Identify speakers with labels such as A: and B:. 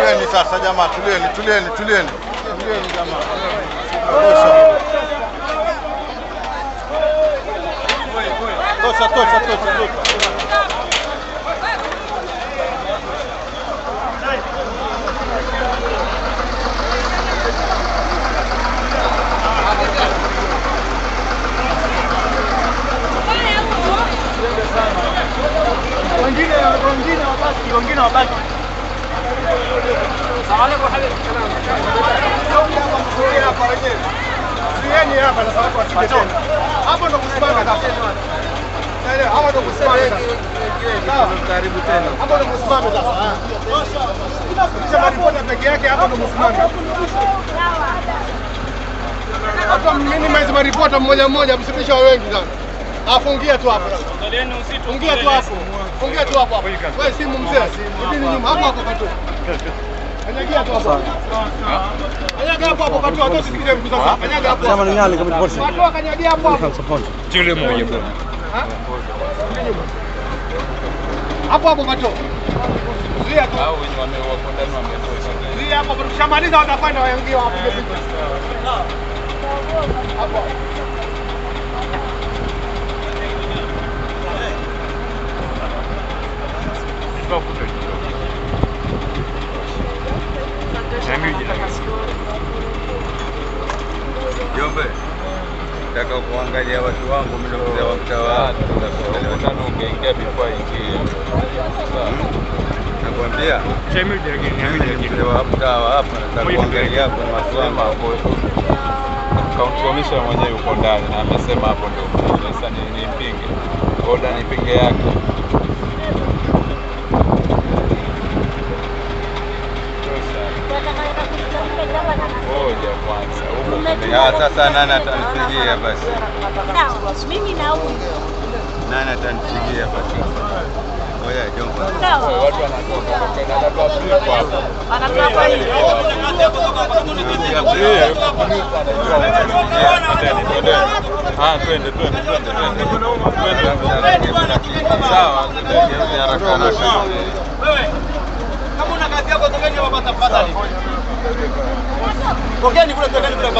A: Tulieni sasa jamaa, tulieni, tulieni, tulieni,
B: tulieni jamaa.
A: Tosha, tosha, tosha, tosha.
C: wengine wabaki. Salamu Hapa mimi maizi maripota mmoja mmoja msipisha wengi sana. Afu ingia tu hapo. Ingia tu hapo. Ingia tu hapo. Wewe simu mzee. Rudi nyuma hapo hapo katu. Kanyagia tu hapo. Kanyagia hapo hapo katu hata usikize mguu zako. Kanyagia hapo.
D: Kama ni nyale kama divorce.
C: Watu kanyagia hapo hapo.
A: Yule mmoja bwana.
C: Hapo hapo katu. Zia tu. Hao wenye wamewapo ndani wametoa. Zia hapo kushamaliza watafanya waingie hapo. Hapo.
A: encore pour toi, Jamais eu de la
E: Jombe, kuangalia watu wangu mliokuja waktawa. Tunakutana ungeingia before ingie. Nakwambia,
A: Jamii jirani, mimi nilikuwa
E: hapo tawa hapa, nataka kuangalia kwa watu wangu hapo. Kauntuomisha mwenyewe uko ndani na amesema hapo ndio. Sasa ni nipinge. Kwa nipinge yake. moja kwanza huko. Sasa nani atanipigia basi?
F: Mimi na huyo.
E: Nani atanipigia basi?
F: Sawa. Watu wanatoka kwa haraka haraka.
E: Ongea nikule